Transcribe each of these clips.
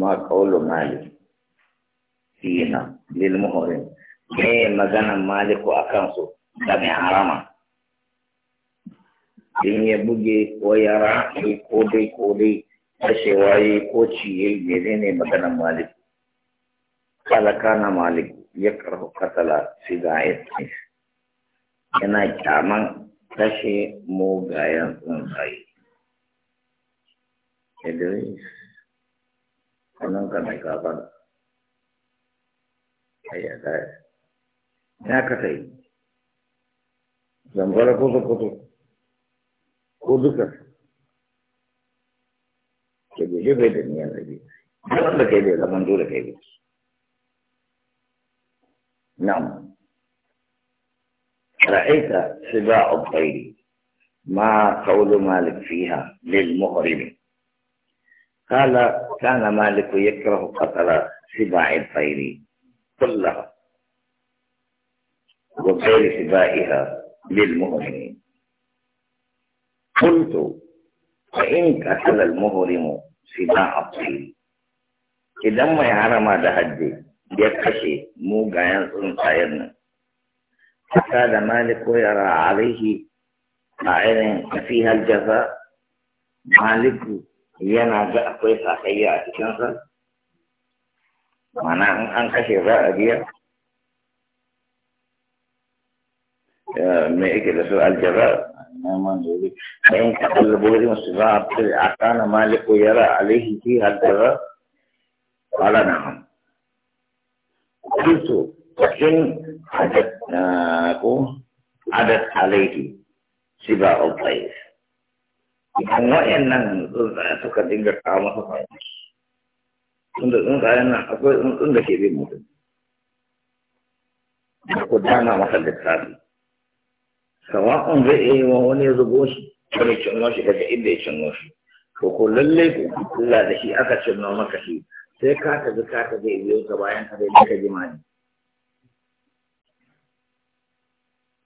ما قول مالك فينا للمهرم ايه مغنى مالك اكنسو دم حرام in ya buge ko ya rafi ko dai ko dai fashewa ya ko ciye mene ne maganar malik kalaka na malik ya karfi katala kyaman kashe mugayen wannan ka mai kafa da ayya da ya ka sai zambara ko sokoto ko duka ke guje bai da niyan rabi duk wanda kai bai zaman dole kai bai na'am ra'aita sibaa al-khayr ma qawlu malik fiha lil muhrimin قال كان مالك يكره قتل سباع الطير كلها وغير سبائها للمؤمنين قلت فإن قتل المهرم سباع الطير إذا ما يحرم ما حجي يكشي مو غاين سنطيرنا فقال مالك يرى عليه عين فيها الجزاء مالك yana ga akwai sakayya a cikinsa mana an kashe za a biya me yake da su aljara na manzuri bayan ka ɗaliborin su za a fi a kana maliku yara alaihi fi haddara kwala na ham kulto cikin adat ko adat alaihi siba of place idan waɗannan tsuntsaye suka dinga kawo masa farmaki tunda tsuntsayen nan akwai tsuntsun da ke bin mutum da ku dana masa littafi sawa'un zai iya yi wa wani ya zubo shi wani cinno shi daga inda ya cinno shi ko ko lalle ku kula da shi aka cinno maka shi sai ka tafi ka zai biyo ka bayan ka zai ka jima ne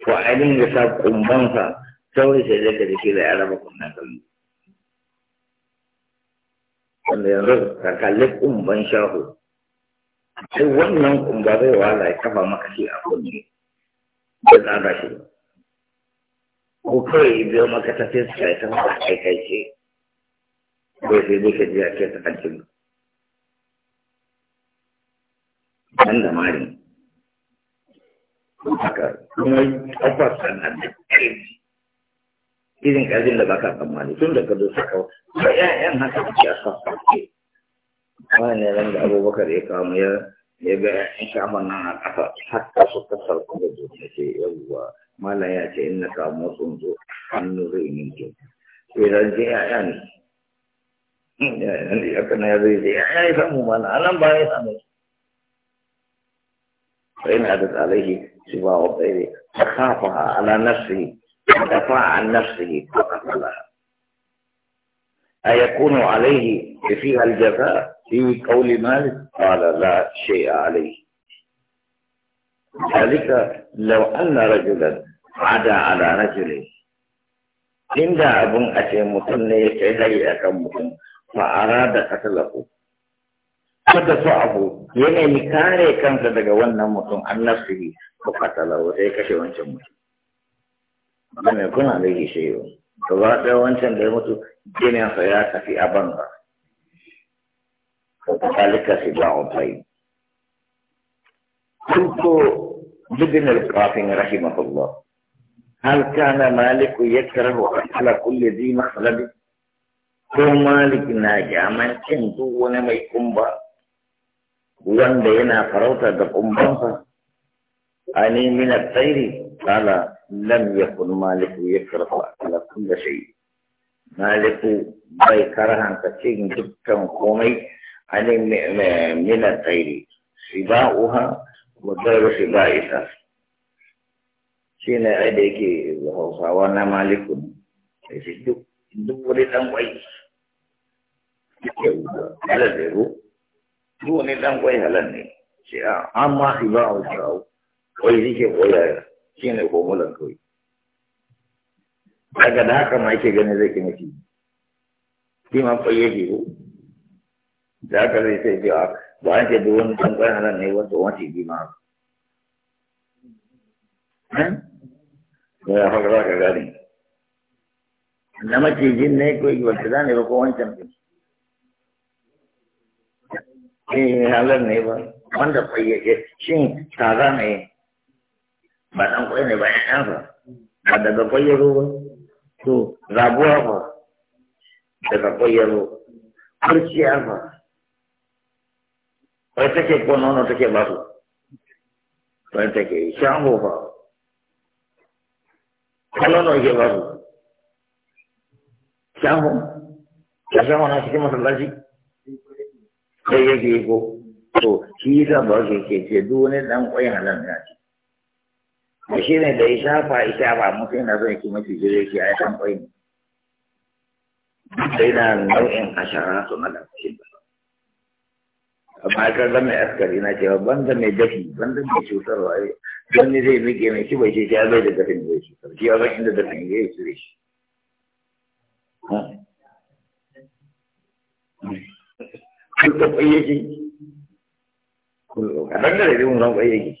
to ainihin da sa kumbansa sauri sai dai ka jiki da ya raba kunnen kallo wanda yanzu ka kalli kumban shahu sai wannan kumba zai wala ya kafa maka shi a kunne da tsada shi ko kawai biyo maka ta fiska ya tafi a kaikaice ko sai dai ka ji a ke ta kalli nan da mari haka kuma tabbas sannan da ƙarfi irin ƙarfin da ba ka tsammani tun da ka zo saka ba ƴaƴan haka suke a sassauke wani ran da abubakar ya kamu ya ya ga ƴaƴan shaman nan a ƙasa hatta suka sauka da zuciya ce yawwa malam ya ce in na samu tsuntsu hannu zai ninke idan je ƴaƴa ne ƴaƴan da ya kana ya zai je ƴaƴa ya samu mana a nan ba ya samu فإن عدت عليه سوى غيره فخافها على نفسه دفع عن نفسه فقط لها أيكون عليه فيها الجزاء في قول مالك قال لا شيء عليه ذلك لو أن رجلا عدا على رجل عند أبن أتي مثنى يتعلي أكمكم فأراد قتله فدفعه يعني كان كان تدقى ونمتن عن نفسه فقتله شوان وانشمته mai kuna da ke shayo gaba ɗaya wancan da ya mutu jininsa ya tafi a banza ka talika shi ba otai ko بدن القاسم رحمه الله هل كان مالك يكره على kulle zi مخلب ko malik na jaman duk wani mai kumba wanda yana farauta da kumbansa a ne mina tsairi kala لم يكن مالك يكره على كل شيء مالك باي كرها كثير جبتا قومي عن من الطير سباؤها وغير سبائها شين عليك وانا مالك duk wani ɗan ƙwai halar da ru duk wani ɗan ƙwai halar ne sai amma shi ba shi ne formulan kawai daga da haka ma yake gani zai kina shi shi ma kwai yake ko da haka zai sai cewa ba an ce duk wani ɗan ƙananan ne wanda wani bi ma ya haka za ka gane na macijin ne ko yi wata zane ba ko wancan ne eh halar ne ba wanda fayyake shin tara ne ba ɗan kwai ne ba ya ɗansa ba daga kwai ya zo ba to rabuwa fa daga kwai ya zo kurciya fa kwai take ko nono take ba su kwai take shango fa ko nono ke ba su shango ya shango na cikin masallaci kai yake ko to shi ta ba ke ke ce duk wani ɗan kwai halal na ce da shi ne da ya shafa ya shafa mutum yana zai ki mafi jire shi a yakan kwai ne sai na nau'in ashara su na lafi amma ka zama askari na cewa banda mai dafi banda mai cutarwa eh, don ne zai rike mai shi bai ce ya bai da dafin zai cutar shi ya zan inda dafin ya yi cire shi kun ta kwaye shi kun ka dangare da mun ran kwaye shi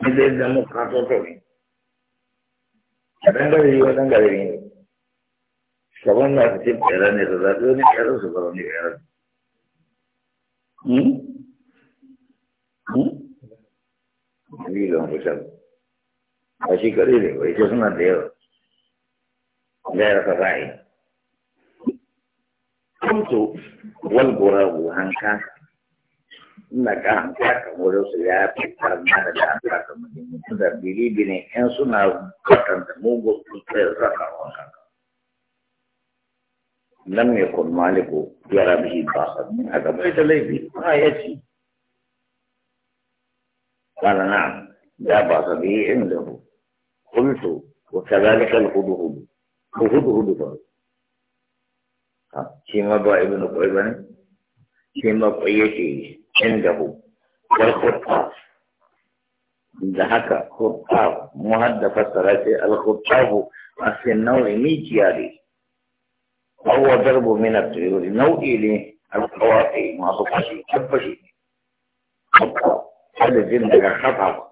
Jadi dalam kasus ini, kadang kadang juga kadang kadang ini, kawan lah sih peran itu, tapi ini peran super ini peran. Hmm? Hmm? Ini loh macam, asyik kali ni, itu semua dia, dia rasa lain. Kuntu, wal burabu hangkas ina ga hanta ka wurin su ya fi karna da hanta ka mutum da biribi ne yan suna kwatanta mugun kutsayar zakawa kanka lam yakun maliku yara bihi basan haka bai da laifi ba ya ci قال نعم لا بأس به عنده قلت وكذلك الهدهد الهدهد فرد شيما با ابن قيبان شيما قيشي عنده والخطاف إذا هكا خطاف مهدفة ثلاثة الخطاف أصل النوع ميجيالي هو ضرب من الطيور نوع إلي القواقي ما بقاشي كبشي هذا جندك خطاف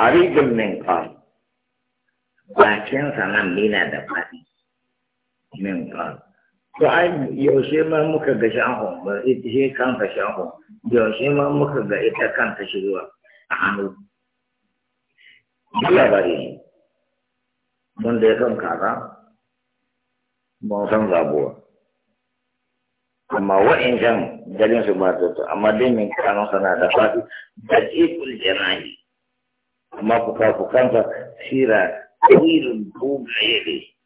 أريد من قام باكين سنة مينة دفاتي من قام to ai yaushe ma muka ga shahon ba ita shi kanta shahon yaushe ma muka ga ita kanta shirwa a hannu Allah ba ne mun da ya kan kaza ba san zabuwa amma wa'in can dalin su ba to amma dai min kano sana da fadi da ikul janahi amma fuka-fukansa sira tsawirin bugaye ne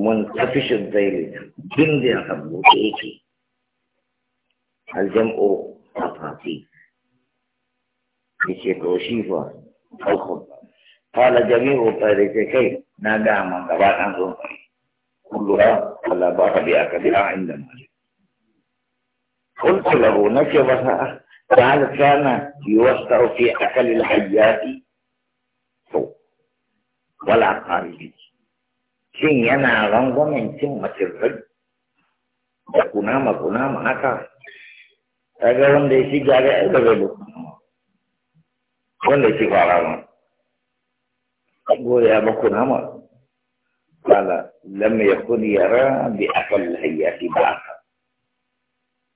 منتفش الذيل جندي أخبو تيكي إيه الجمع أفاتي يشي توشيفا الخب قال جميع كي نادع من قبات عنهم كلها على بياك بأكدها عند مالك قلت له نكبها قال كان يوسع في أكل الحيات والعقارب shin yana rangwamen cin macirrai da kunama ma haka kaga wanda ya shiga ga ai ba zai wanda ya shiga rama goya ba kunama kala lam yakun yara bi aqall hayati ba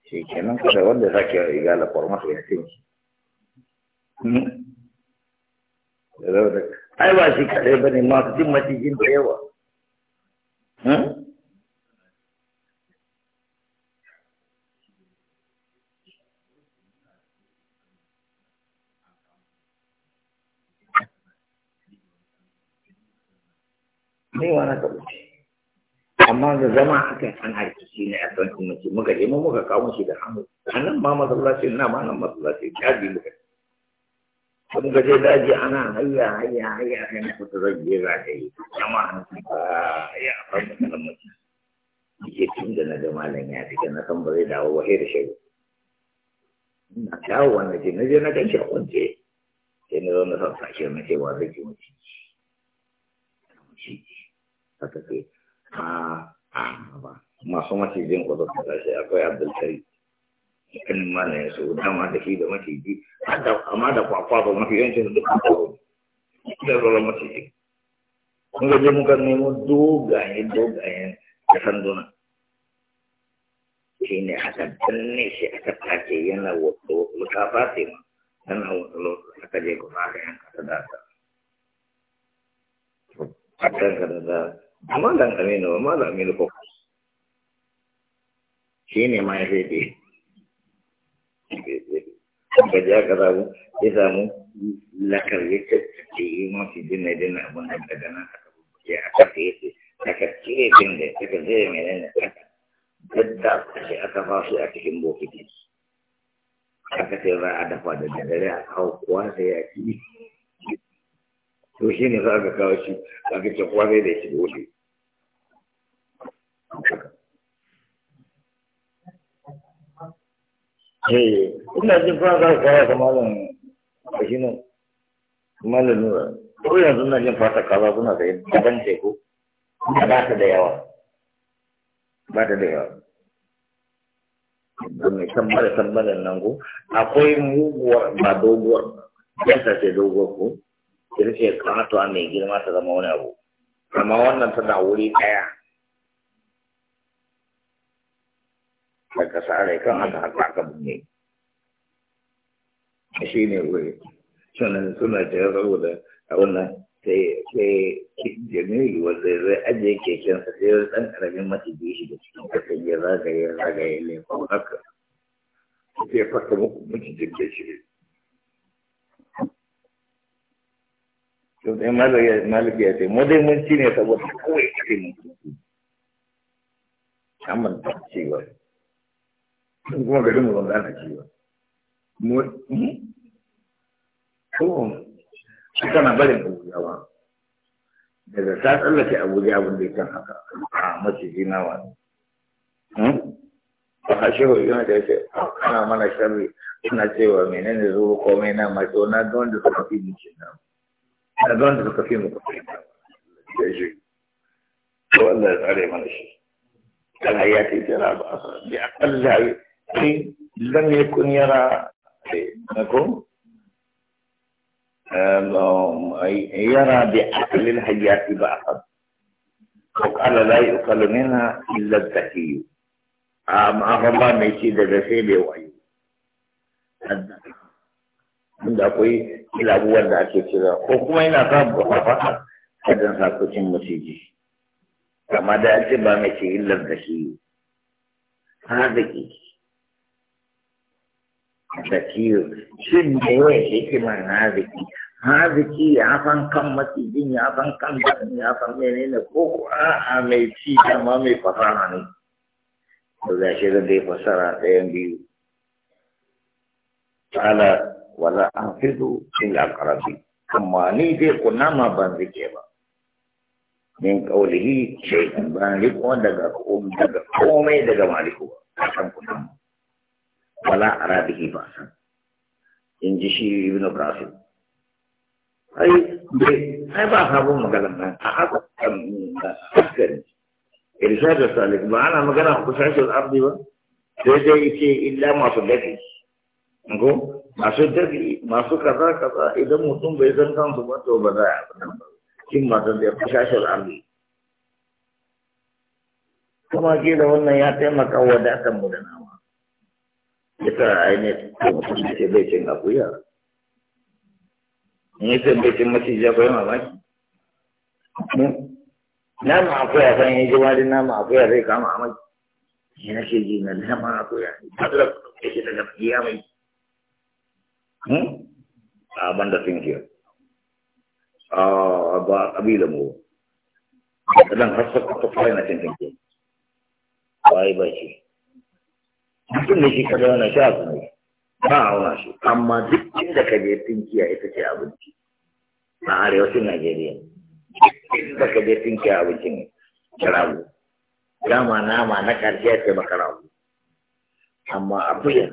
shi kenan kada wanda zaki riga la forma ya tin hmm? da ai ba shi kare bane masu cin macijin da yawa Ni wani ka amma da zama aka san an harki shi ne a kan kuma ce muka je muka kawo shi da hannu Anan ma masallaci na ma nan ya caji muka kun gaje daji ana hayya hayya hayya sai na fita zan je za ta yi kama hankali ba ya fara kalan mutum yake tun da na da malam ya fita na san ba zai dawo ba sai da shago na dawo wannan ce na je na ganshi a kwance sai na zo na san sashe na ce ba zai ki mutum ci haka ce a a ba masu macijin kwazo ta tashi akwai abdulkarim in mana ya so dama da shi da maciji amma da kwakwa ba mafi yancin duk kwakwa da rolon maciji kun gaje muka nemo dogaye dogayen da sanduna shi ne aka danne shi aka tace yana wato lukafa ce ma yana wato aka je kuma aka yanka ta da ta a kanka da da amma dan aminu amma da aminu ko shi ne ma ya sai ka ja ka samu ya samu lakar yi mafi dina dina abin da daga nan aka rubuce a kafa ya mai nan da aka dadda a cikin bokiti a dafa da dare a kawo kuwa a ci da shi eh ina jin fara za ka kawo malam Bashinu malam Nura ko yanzu na jin fata kaza suna da daban ce ko ba ta da yawa ba ta da yawa mai tambara tambaran nan ko akwai muguwar ba doguwar yadda ce doguwar ko kirce kanato mai girma ta zama wani abu amma wannan tana wuri daya daga sare kan haka har aka bunne shi ne wuri sannan suna ta saboda a wannan sai Jamiu jamilu wanda zai ajiye kekensa sai wani ɗan ƙaramin maciji shi da cikin ƙasa ya zagaye zagaye ne ko haka sai fasa muku macijin da shi to sai maliki ya ce mu dai mun ci ne saboda kawai kafin mutum amma da cewa sun kuma gari mu ban gana ci ba mu hmm? ko kana barin abuja ba daga ta tsallake abuja abin da kan haka a maciji nawa ba hmm? a shehu yana da yake ah, ana mana sharri suna cewa menene zuwa komai na mace na don da suka fi mu ke nan na don da suka fi mu kuma da shi ko Allah ya tsare mana shi kana ya ce jira ba a akalla لم يكن يرى نكون يرى بأكل الحياة بأحد وقال لا يؤكل منها إلا الذكي أما الله ما يشيد الرسيل وعيو من دقوي إلى أبوان دعك كذا وكما إن أصاب قد كذا ساكوش مسيجي كما دعك بامشي إلا الذكي هذا كيكي da ciwo shin da yawan hikimar haziki haziki ya san kan macijin ya san kan ya san menene ko ko a'a mai ci dama mai fasaha ne to ga shi zai fasara ɗayan biyu ta'ala wala anfidu illa qarabi amma ni dai kunama ban zike ba min qawlihi shay'an ban riko daga komai daga maliku ba kan kunama wala ara bihi ba san in ji shi ibnu qasim ai ai ba sabon magana nan a haka kan irshad salik ba ana magana ku sai al-ardi ba sai dai yake illa masu dafi ngo masu dafi masu kaza kaza idan mutum bai san kansu ba to ba za a nan ba kin ma san da ku sai al-ardi kuma ke da wannan ya taimaka wa datan mu da namu Ita ainihin mutum da ke bai cin akuya. In yi cin bai cin maciji akwai mamaki. Nama akuya san yi jima din nama akuya zai kama a mai. Ni na ce ji na nama akuya. Hadura ke ce daga iya mai. A ban da sun kiyar. A ba ƙabilan mu. Kadan har sa ka fara na cin kinki. Wai ba shi. mutum da shi ka zauna sha su ne ba a auna shi amma duk inda ka je tinkiya ita ce abinci a arewacin najeriya duk inda ka je tinkiya abinci ne karago dama nama na karshe ya ce makarago amma akuya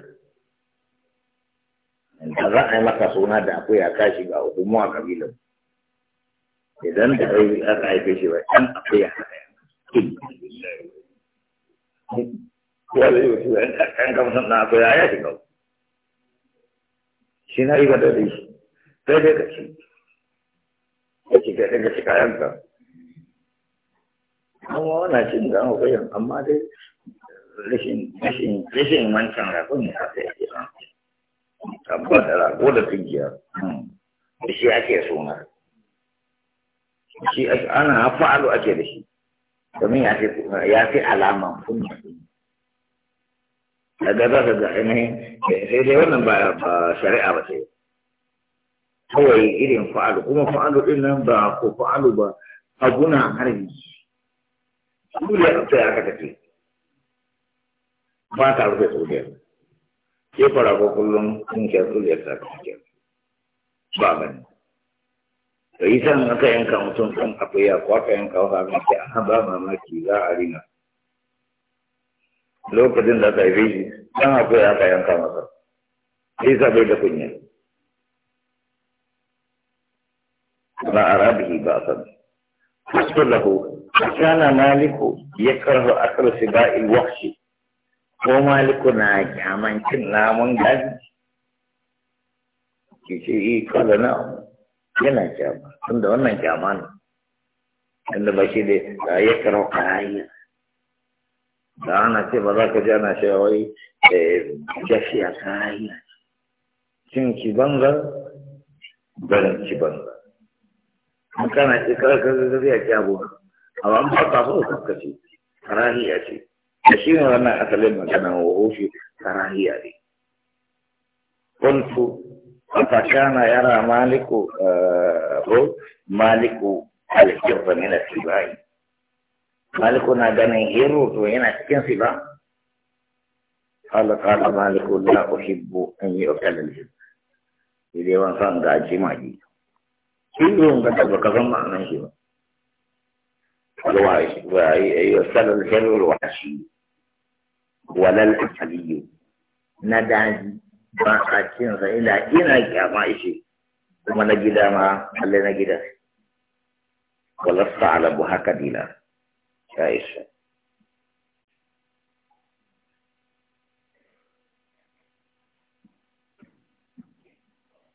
da za a yi maka suna da akuya ka shiga uku mu a kabilan idan da aka haife shi ba ɗan akuya ya zai wuce yan kamsan na akwai ya shiga shi na ibada da shi sai dai ka ci ya ci ka daga shi kayanka amma wana cin da an hukayen amma dai rashin wancan rakon ya haka yake an tabba da rago da tunkiya da shi ake suna shi ana fa'alu ake da shi domin ya fi alaman kunya daga za ka ga ainihin sai dai wannan ba shari'a ba sai kawai irin fa'alu kuma fa'alu din nan ba ko fa'alu ba abuna harbi dole a tsaye aka tafi ba ta rufe tsoriyar ke fara ko kullum sun ke tsoriyar ta kake ba ba ne to yi san aka yanka mutum ɗan akwai ya ko aka yanka a abin ke an ba mamaki za a rina lokacin da aka haife shi dan akwai aka yanka masa sai sa bai da kunya na arabihi ba san hasu lahu kana maliku yakrahu akal siba'il wahshi ko maliku na kyaman cin namun gadi ke ce yi eh, kala na yana kyama tunda wannan kyama ne inda ba shi da ya karo kayan da ana ce ba za ka ji ana cewa wai eh, gafiya a yi cin ki banza barin ki banza an kana ce kar ka ga zai ki abu amma an ba ka so ka ce karahiya ce da shi ne wannan asalin magana wa ofi karahiya ne kuntu fakana yara maliku eh, ko maliku al-kirfa min al-sibai مالك نادني هيرو تو هنا كين سيبا قال قال مالك لا أحب أن يؤكل الجبن إذا وان كان وانسان قاعد جماعي كلهم قد بكفهم معنى شبا الوحش ويؤكل الجبن الوحشي ولا الأكلي نداني ما أكين إلا إنا كما إشي وما نجد ما حلنا جدا ولست على بها كديلا ya isa